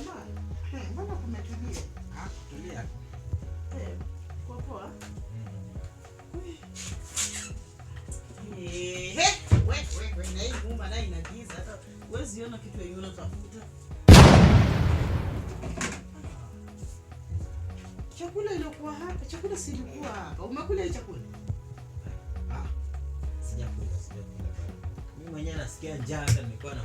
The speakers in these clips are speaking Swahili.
Jamani, mbona kumetulia? Ah, kutulia. Eh, kwa poa. Eh, we we na hii nyumba na inagiza hata huwezi ona kitu yenyewe unatafuta. Chakula ilikuwa hapa, chakula silikuwa hapa. Umekula hii chakula? Ah. Sijakula, sijakula. Mimi mwenyewe nasikia njaa nilikuwa na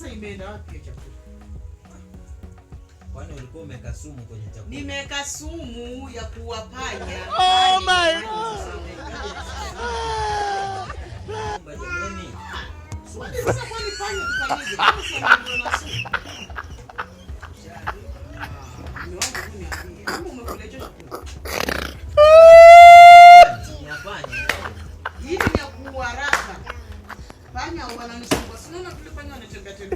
Sasa imeenda wapi hiyo chakula? Kwani ulikuwa umeweka sumu kwenye chakula? Nimeweka sumu ya kuwapanya. Oh yaani, my yaani, yaani, God. Tanya, walang isang bus. Nung naglupa nyo, nagsugat-sugat.